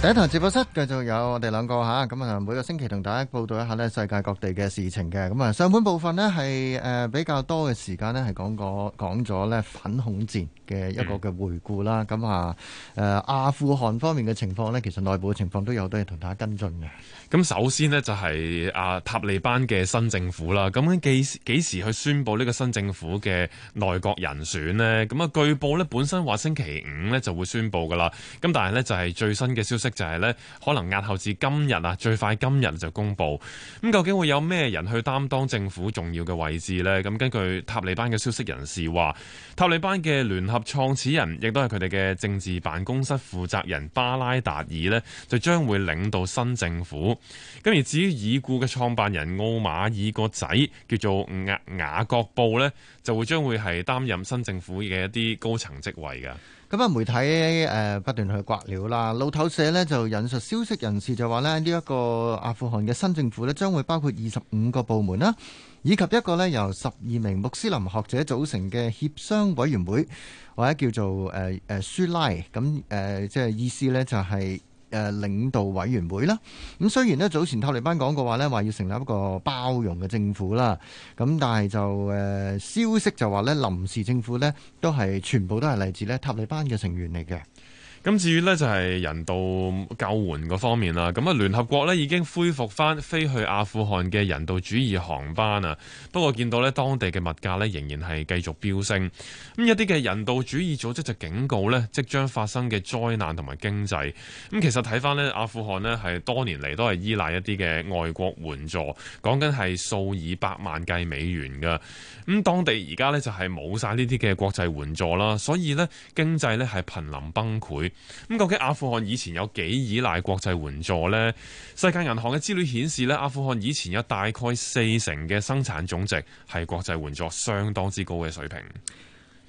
第一台直播室繼續有我哋兩個吓，咁啊每個星期同大家報道一下咧世界各地嘅事情嘅，咁啊上半部分咧係誒比較多嘅時間咧係講過講咗咧反恐戰嘅一個嘅回顧啦，咁、嗯、啊誒、啊、阿富汗方面嘅情況咧，其實內部嘅情況都有都係同大家跟進嘅。咁首先咧就係阿塔利班嘅新政府啦，咁幾幾時去宣布呢個新政府嘅內閣人選咧？咁啊據報咧本身話星期五咧就會宣布噶啦，咁但係咧就係最新嘅消息。就係咧，可能押後至今日啊，最快今日就公布。咁究竟會有咩人去擔當政府重要嘅位置呢？咁根據塔利班嘅消息人士話，塔利班嘅聯合創始人亦都係佢哋嘅政治辦公室負責人巴拉達爾呢，就將會領導新政府。咁而至於已故嘅創辦人奧馬爾個仔叫做雅雅各布呢，就會將會係擔任新政府嘅一啲高層職位嘅。咁啊，媒體誒、不斷去刮料啦。路透社呢就引述消息人士就話呢，呢一個阿富汗嘅新政府呢將會包括二十五個部門啦，以及一個呢由十二名穆斯林學者組成嘅協商委員會，或者叫做誒、呃、舒拉。咁、呃、誒，即係意思呢就係、是。誒、呃、領導委員會啦，咁雖然呢，早前塔利班講過的話呢，話要成立一個包容嘅政府啦，咁但係就、呃、消息就話呢，臨時政府呢，都係全部都係嚟自呢塔利班嘅成員嚟嘅。咁至於呢，就係人道救援嗰方面啦，咁啊聯合國呢已經恢復翻飛去阿富汗嘅人道主義航班啊，不過見到呢當地嘅物價呢，仍然係繼續飆升，咁一啲嘅人道主義組織就警告呢，即將發生嘅災難同埋經濟。咁其實睇翻呢，阿富汗呢係多年嚟都係依賴一啲嘅外國援助，講緊係數以百萬計美元㗎，咁當地而家呢，就係冇晒呢啲嘅國際援助啦，所以呢，經濟呢係瀕臨崩潰。咁究竟阿富汗以前有幾依賴國際援助呢？世界銀行嘅資料顯示咧，阿富汗以前有大概四成嘅生產總值係國際援助，相當之高嘅水平。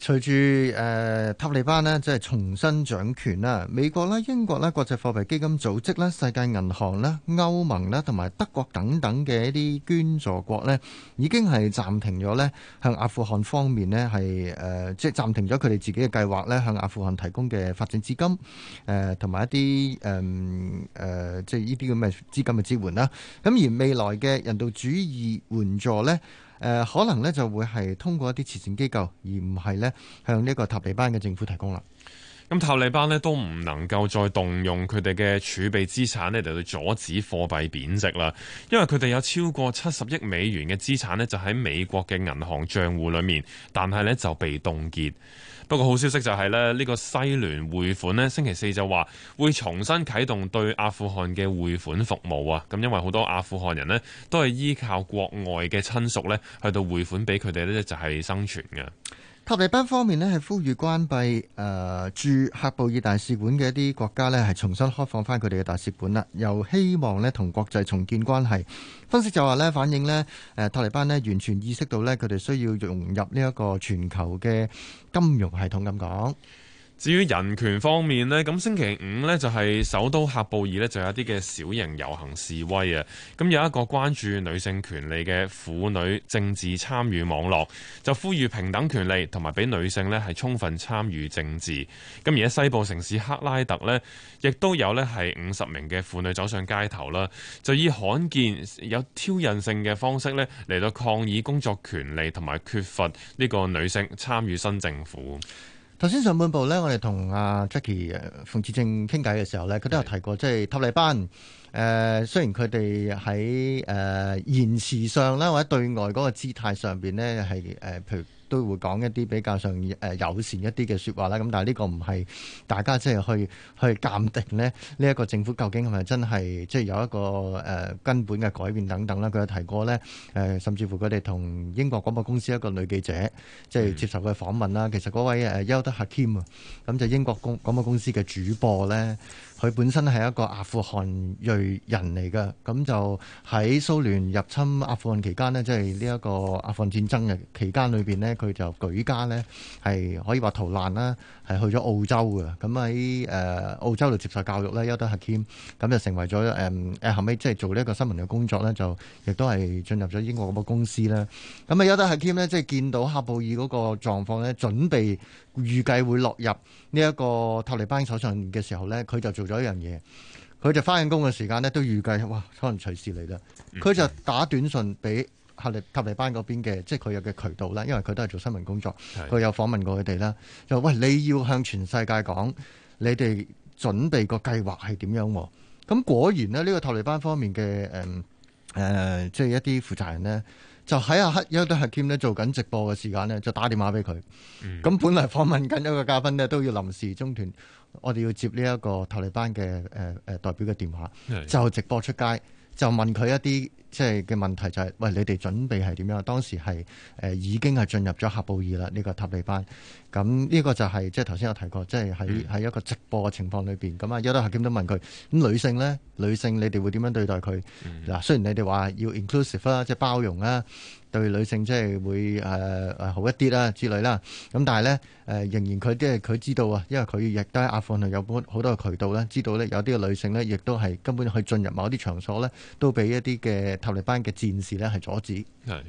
隨住誒塔利班呢即係重新掌權啦，美國啦、英國啦、國際貨幣基金組織啦、世界銀行啦、歐盟啦同埋德國等等嘅一啲捐助國呢已經係暫停咗呢向阿富汗方面呢係誒、呃，即係暫停咗佢哋自己嘅計劃呢向阿富汗提供嘅發展資金誒，同、呃、埋一啲誒誒，即係呢啲咁嘅資金嘅支援啦。咁而未來嘅人道主義援助呢誒、呃、可能咧就會係通過一啲慈善機構，而唔係咧向呢個塔利班嘅政府提供啦。咁塔利班呢都唔能夠再動用佢哋嘅儲備資產呢嚟到阻止貨幣貶值啦，因為佢哋有超過七十億美元嘅資產呢就喺美國嘅銀行賬戶裏面，但係呢就被凍結。不過好消息就係呢個西聯匯款呢星期四就話會重新啟動對阿富汗嘅匯款服務啊。咁因為好多阿富汗人呢都係依靠國外嘅親屬呢去到匯款俾佢哋呢就係生存嘅。塔利班方面呢係呼籲關閉誒駐喀布爾大使館嘅一啲國家呢係重新開放翻佢哋嘅大使館啦。又希望呢同國際重建關係。分析就話呢反映呢，誒塔利班呢完全意識到呢佢哋需要融入呢一個全球嘅金融系統咁講。至於人權方面呢，咁星期五呢就係首都喀布爾呢，就有一啲嘅小型遊行示威啊。咁有一個關注女性權利嘅婦女政治參與網絡，就呼籲平等權利同埋俾女性呢係充分參與政治。咁而喺西部城市克拉特呢，亦都有呢係五十名嘅婦女走上街頭啦，就以罕見有挑釁性嘅方式呢嚟到抗議工作權利同埋缺乏呢個女性參與新政府。頭先上半部咧，我哋同阿 Jackie 馮志正傾偈嘅時候咧，佢都有提過，即係塔利班。誒、呃，雖然佢哋喺誒言辭上啦，或者對外嗰個姿態上面咧，係、呃、譬如。都會講一啲比較上誒、呃、友善一啲嘅説話啦，咁但係呢個唔係大家即係去去鑑定呢，呢、這、一個政府究竟係咪真係即係有一個誒、呃、根本嘅改變等等啦。佢有提過呢，誒、呃、甚至乎佢哋同英國廣播公司一個女記者即係、就是、接受佢訪問啦、嗯。其實嗰位誒休德克謙啊，咁就英國廣廣播公司嘅主播呢，佢本身係一個阿富汗裔人嚟嘅，咁就喺蘇聯入侵阿富汗期間呢，即係呢一個阿富汗戰爭嘅期間裏邊呢。佢就舉家呢，係可以話逃難啦，係去咗澳洲嘅。咁喺誒澳洲度接受教育咧，邱德克謙咁就成為咗誒誒後尾即係做呢一個新聞嘅工作咧，就亦都係進入咗英國嗰個公司啦。咁啊，優德克謙呢，即係見到喀布爾嗰個狀況咧，準備預計會落入呢一個塔利班手上嘅時候呢，佢就做咗一樣嘢，佢就返緊工嘅時間呢，都預計哇，可能隨時嚟啦。佢就打短信俾。塔利塔利班嗰邊嘅，即係佢有嘅渠道啦，因為佢都係做新聞工作，佢有訪問過佢哋啦。就話，喂，你要向全世界講，你哋準備個計劃係點樣？咁果然呢，呢、這個塔利班方面嘅誒誒，即、呃、係、就是、一啲負責人呢，就喺阿黑，有得阿 Kim 呢做緊直播嘅時間呢，就打電話俾佢。咁、嗯、本嚟訪問緊一個嘉賓呢，都要臨時中斷，我哋要接呢一個塔利班嘅誒誒代表嘅電話，就直播出街，就問佢一啲。即係嘅問題就係、是，喂，你哋準備係點樣？當時係誒、呃、已經係進入咗喀布爾啦，呢、這個塔利班。咁呢個就係、是、即係頭先有提過，即係喺喺一個直播嘅情況裏邊。咁啊，有啲客官都問佢：咁女性呢？女性你哋會點樣對待佢？嗱、嗯，雖然你哋話要 inclusive 啦，即係包容啦，對女性即係會誒好、呃、一啲啦之類啦。咁但係呢，誒、呃，仍然佢即係佢知道啊，因為佢亦都喺阿富汗有好多渠道呢，知道呢，有啲嘅女性呢，亦都係根本去進入某啲場所呢，都俾一啲嘅。塔利班嘅戰士咧，係阻止係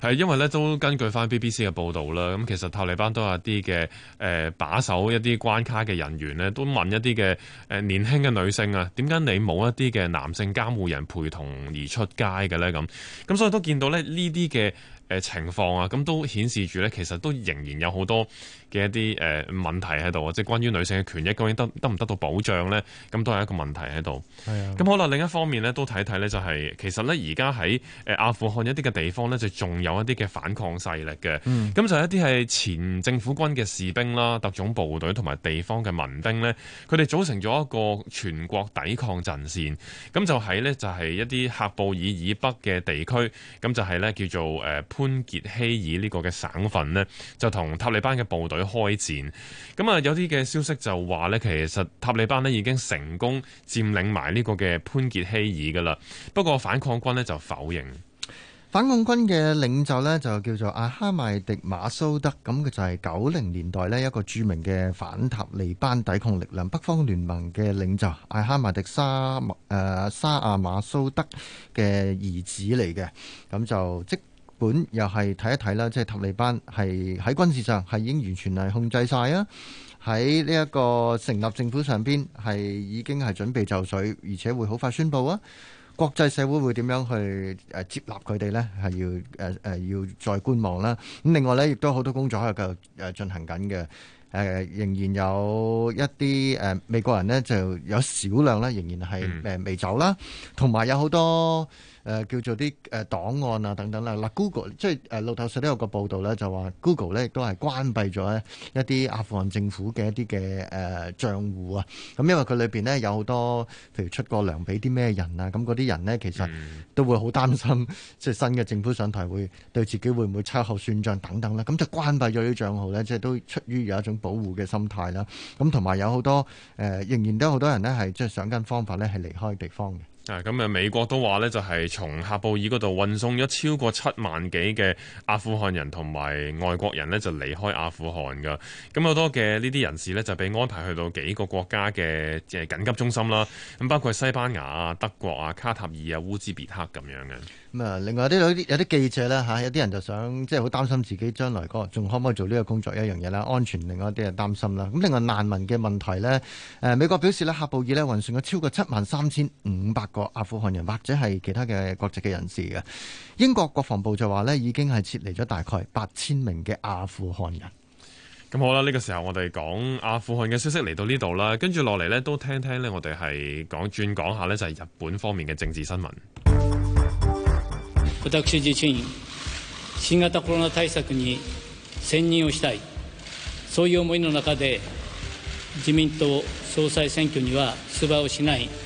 係，因為咧都根據翻 BBC 嘅報導啦，咁其實塔利班都有啲嘅誒把守一啲關卡嘅人員咧，都問一啲嘅誒年輕嘅女性啊，點解你冇一啲嘅男性監護人陪同而出街嘅咧？咁咁所以都見到咧呢啲嘅誒情況啊，咁都顯示住咧，其實都仍然有好多嘅一啲誒、呃、問題喺度啊，即係關於女性嘅權益，究竟得得唔得到保障咧？咁都係一個問題喺度。係啊，咁好啦，另一方面咧，都睇睇咧，就係其實咧而而家喺誒阿富汗一啲嘅地方咧，就仲有一啲嘅反抗勢力嘅。咁、嗯、就一啲係前政府軍嘅士兵啦、特種部隊同埋地方嘅民兵咧，佢哋組成咗一個全國抵抗陣線，咁就喺咧就係、是、一啲喀布爾以北嘅地區，咁就係咧叫做誒潘傑希爾呢個嘅省份咧，就同塔利班嘅部隊開戰，咁啊有啲嘅消息就話咧，其實塔利班咧已經成功佔領埋呢個嘅潘傑希爾噶啦。不過反抗軍咧。就否認反共軍嘅領袖呢，就叫做阿哈邁迪馬蘇德，咁佢就係九零年代呢一個著名嘅反塔利班抵抗力量北方聯盟嘅領袖，阿哈邁迪沙木誒、呃、沙亞馬蘇德嘅兒子嚟嘅，咁就即本又係睇一睇啦，即係塔利班係喺軍事上係已經完全係控制晒啊，喺呢一個成立政府上邊係已經係準備就緒，而且會好快宣佈啊。國際社會會點樣去誒接納佢哋咧？係要誒誒、呃呃、要再觀望啦。咁另外咧，亦都好多工作喺度繼續誒進行緊嘅。誒、呃、仍然有一啲誒、呃、美國人咧，就有少量咧仍然係誒、嗯呃、未走啦，同埋有好多。誒、呃、叫做啲誒、呃、檔案啊等等啦、啊，嗱、啊、Google 即係誒、呃 呃、路透社都有個報道咧，就話 Google 咧亦都係關閉咗一啲阿富汗政府嘅一啲嘅誒賬戶啊。咁因為佢裏邊呢有好多譬如出過糧俾啲咩人啊，咁嗰啲人呢其實都會好擔心，即、嗯、係 新嘅政府上台會對自己會唔會秋後算賬等等咧、啊。咁就關閉咗啲賬號咧，即係都出於有一種保護嘅心態啦、啊。咁同埋有好多誒、呃，仍然都好多人呢係即係想緊方法咧係離開地方嘅。咁啊、嗯，美國都話呢，就係、是、從喀布爾嗰度運送咗超過七萬幾嘅阿富汗人同埋外國人呢，就離開阿富汗噶。咁、嗯、好多嘅呢啲人士呢，就被安排去到幾個國家嘅誒緊急中心啦。咁、嗯、包括西班牙啊、德國啊、卡塔爾啊、烏茲別克咁樣嘅。咁啊，另外啲有啲有啲記者呢、啊，有啲人就想即係好擔心自己將來個仲可唔可以做呢個工作一樣嘢啦，安全另外一啲人擔心啦。咁、啊、另外難民嘅問題呢、啊，美國表示呢喀布爾呢運送咗超過七萬三千五百。個阿富汗人或者係其他嘅國籍嘅人士嘅，英國國防部就話咧，已經係撤離咗大概八千名嘅阿富汗人。咁好啦，呢個時候我哋講阿富汗嘅消息嚟到呢度啦，跟住落嚟呢，都聽聽咧，我哋係講轉講下呢，就係日本方面嘅政治新聞。私は自身、新型コロナ対策に専念をしたい。そういう思いの中で、自民黨総裁選挙には出馬をしない。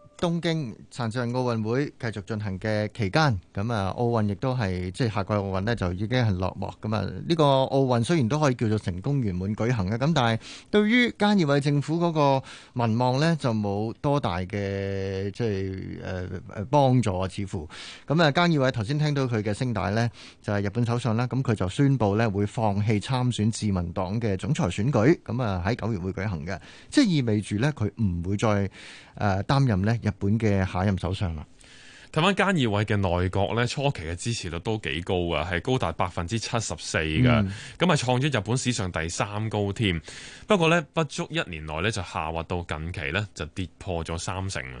東京殘障奧運會繼續進行嘅期間，咁啊，奧運亦都係即係下屆奧運呢就已經係落幕咁啊。呢、這個奧運雖然都可以叫做成功圓滿舉行嘅，咁但係對於菅義偉政府嗰個民望呢，就冇多大嘅即係誒誒幫助似乎咁啊。菅義偉頭先聽到佢嘅聲帶呢，就係、是、日本首相啦，咁佢就宣布呢會放棄參選自民黨嘅總裁選舉，咁啊喺九月會舉行嘅，即係意味住呢，佢唔會再誒、呃、擔任呢。日本嘅下任首相啦，睇返菅義偉嘅內閣咧，初期嘅支持率都幾高啊，係高達百分之七十四噶，咁啊創咗日本史上第三高添。不過咧，不足一年內咧，就下滑到近期咧就跌破咗三成啦。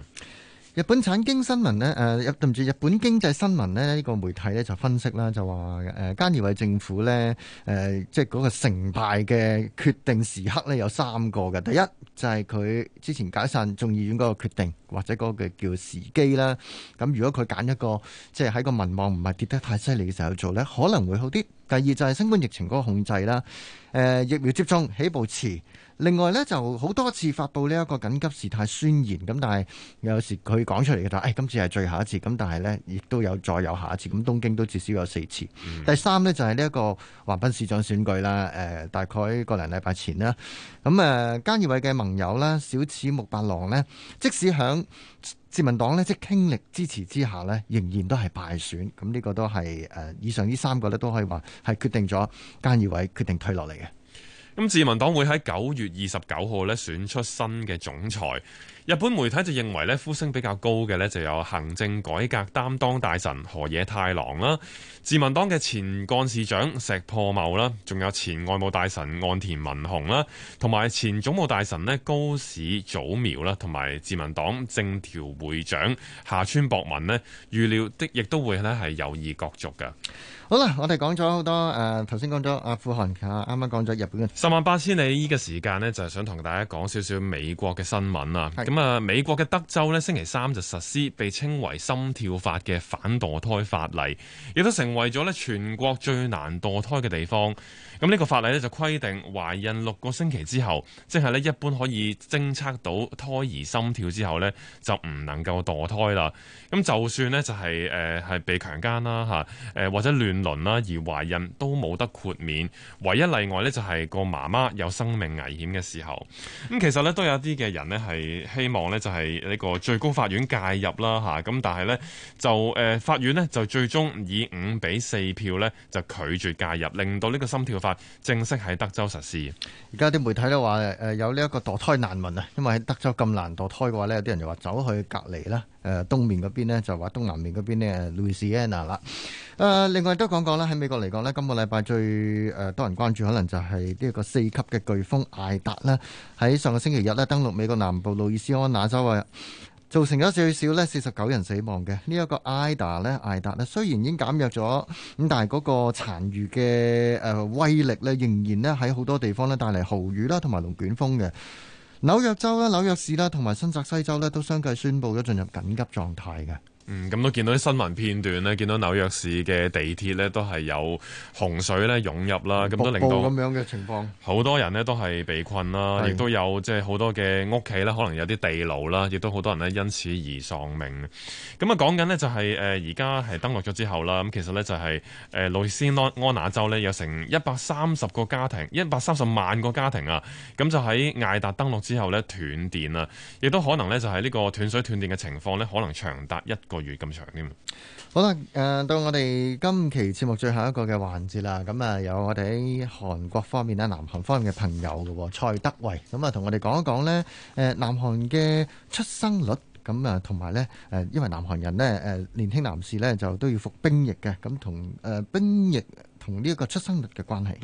日本產經新聞呢，誒、呃，對唔住，日本經濟新聞呢，呢個媒體呢，就分析啦，就話誒、呃，菅義偉政府呢，誒、呃，即係嗰個勝敗嘅決定時刻呢，有三個嘅，第一就係、是、佢之前解散眾議院嗰個決定或者嗰個叫叫時機啦，咁如果佢揀一個即係喺個民望唔係跌得太犀利嘅時候去做呢，可能會好啲。第二就係新冠疫情嗰個控制啦，誒、疫苗接種起步遲，另外呢，就好多次發布呢一個緊急事態宣言，咁但係有時佢講出嚟嘅就係今次係最後一次，咁但係呢，亦都有再有下一次，咁東京都至少有四次。嗯、第三呢，就係呢一個橫濱市長選舉啦，誒、大概個零禮拜前啦，咁啊菅義偉嘅盟友啦小此木八郎呢，即使響。自民黨呢，即傾力支持之下呢，仍然都係敗選。咁呢個都係以上呢三個呢，都可以話係決定咗菅義偉決定退落嚟嘅。咁自民黨會喺九月二十九號呢選出新嘅總裁。日本媒體就認為咧，呼聲比較高嘅咧，就有行政改革擔當大臣河野太郎啦，自民黨嘅前幹事長石破茂啦，仲有前外務大臣岸田文雄啦，同埋前總務大臣咧高市早苗啦，同埋自民黨政調會長夏川博文呢，預料的亦都會咧係有意角逐嘅。好啦，我哋講咗好多誒，頭先講咗阿富汗卡，啱啱講咗日本嘅十萬八千里。依個時間呢，就係想同大家講少少美國嘅新聞啊。咁啊，美國嘅德州呢，星期三就實施被稱為心跳法嘅反墮胎法例，亦都成為咗咧全國最難墮胎嘅地方。咁呢個法例咧就規定懷孕六個星期之後，即係咧一般可以偵測到胎兒心跳之後咧，就唔能夠墮胎啦。咁就算呢就係、是、係、呃、被強姦啦、呃、或者亂倫啦，而懷孕都冇得豁免。唯一例外呢就係個媽媽有生命危險嘅時候。咁其實呢都有啲嘅人呢係希望呢就係呢個最高法院介入啦吓，咁但係呢就、呃、法院呢就最終以五比四票呢就拒絕介入，令到呢個心跳法，正式喺德州實施。而家啲媒體都話，誒，有呢一個墮胎難民啊，因為喺德州咁難墮胎嘅話呢，有啲人就話走去隔離啦。誒、呃，東面嗰邊呢，就話東南面嗰邊咧，路易斯安那啦。誒，另外都講講啦，喺美國嚟講呢，今個禮拜最誒多人關注，可能就係呢一個四級嘅颶風艾達呢，喺上個星期日呢，登陸美國南部路易斯安那州啊。造成咗最少呢四十九人死亡嘅呢一個艾達呢，艾達呢雖然已經減弱咗，咁但係嗰個殘餘嘅誒威力呢，仍然呢喺好多地方呢帶嚟豪雨啦，同埋龍捲風嘅。紐約州啦、紐約市啦，同埋新澤西州呢，都相繼宣布咗進入緊急狀態嘅。嗯，咁都見到啲新聞片段咧，見到紐約市嘅地鐵咧都係有洪水咧湧入啦，咁都令到咁樣嘅情況，好多人呢都係被困啦，亦都有即係好多嘅屋企咧可能有啲地牢啦，亦都好多人呢因此而喪命。咁啊講緊呢，就係誒而家係登陸咗之後啦，咁其實呢，就係誒路易斯安安那州呢，有成一百三十個家庭，一百三十萬個家庭啊，咁就喺艾達登陸之後呢，斷電啦，亦都可能呢，就係呢個斷水斷電嘅情況呢，可能長達一。個月咁長添，好啦，誒到我哋今期節目最後一個嘅環節啦，咁啊有我哋喺韓國方面咧，南韓方面嘅朋友嘅蔡德蕙，咁啊同我哋講一講咧，誒南韓嘅出生率，咁啊同埋咧誒，因為南韓人咧誒年輕男士咧就都要服兵役嘅，咁同誒兵役同呢一個出生率嘅關係。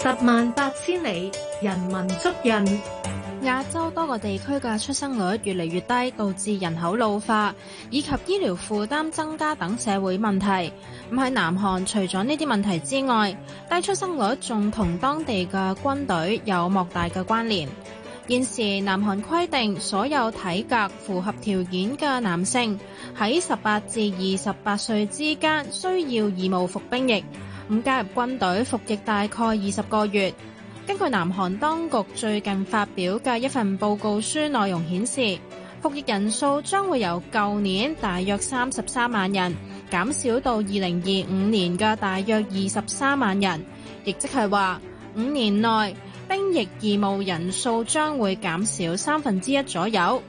十萬八千里，人文足印。亞洲多個地區嘅出生率越嚟越低，導致人口老化以及醫療負擔增加等社會問題。咁喺南韓，除咗呢啲問題之外，低出生率仲同當地嘅軍隊有莫大嘅關聯。現時南韓規定，所有體格符合條件嘅男性喺十八至二十八歲之間，需要義務服兵役。五加入軍隊服役，大概二十個月。根據南韓當局最近發表嘅一份報告書內容顯示，服役人數將會由舊年大約三十三萬人，減少到二零二五年嘅大約二十三萬人，亦即係話五年內兵役義務人數將會減少三分之一左右。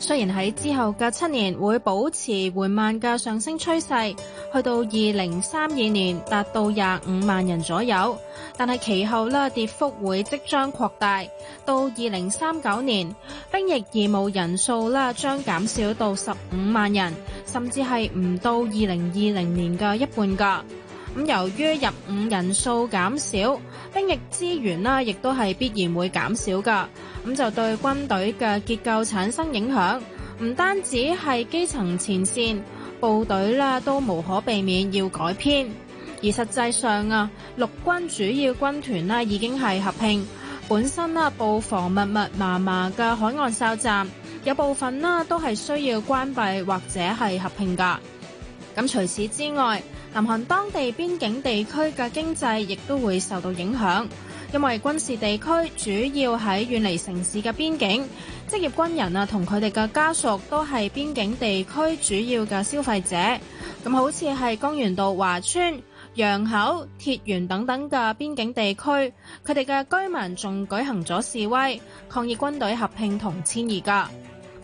雖然喺之後嘅七年會保持緩慢嘅上升趨勢，去到二零三二年達到廿五萬人左右，但係其後咧跌幅會即將擴大，到二零三九年兵役義務人數咧將減少到十五萬人，甚至係唔到二零二零年嘅一半㗎。咁由於入伍人數減少，兵役資源亦都係必然會減少噶。咁就對軍隊嘅結構產生影響，唔單止係基層前線部隊都無可避免要改編。而實際上啊，陸軍主要軍團已經係合併，本身啦，布防密密麻麻嘅海岸哨站，有部分都係需要關閉或者係合併噶。咁除此之外，南韓當地邊境地區嘅經濟亦都會受到影響，因為軍事地區主要喺遠離城市嘅邊境，職業軍人啊同佢哋嘅家屬都係邊境地區主要嘅消費者。咁好似係江原道華川、楊口、鐵原等等嘅邊境地區，佢哋嘅居民仲舉行咗示威，抗議軍隊合併同遷移噶。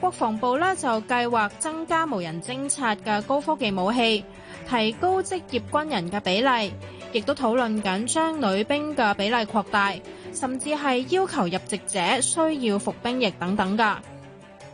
國防部呢就計劃增加無人偵察嘅高科技武器，提高職業軍人嘅比例，亦都討論緊將女兵嘅比例擴大，甚至係要求入籍者需要服兵役等等㗎。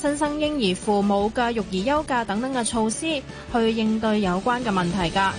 新生嬰兒父母嘅育兒休假等等嘅措施，去應對有關嘅問題㗎。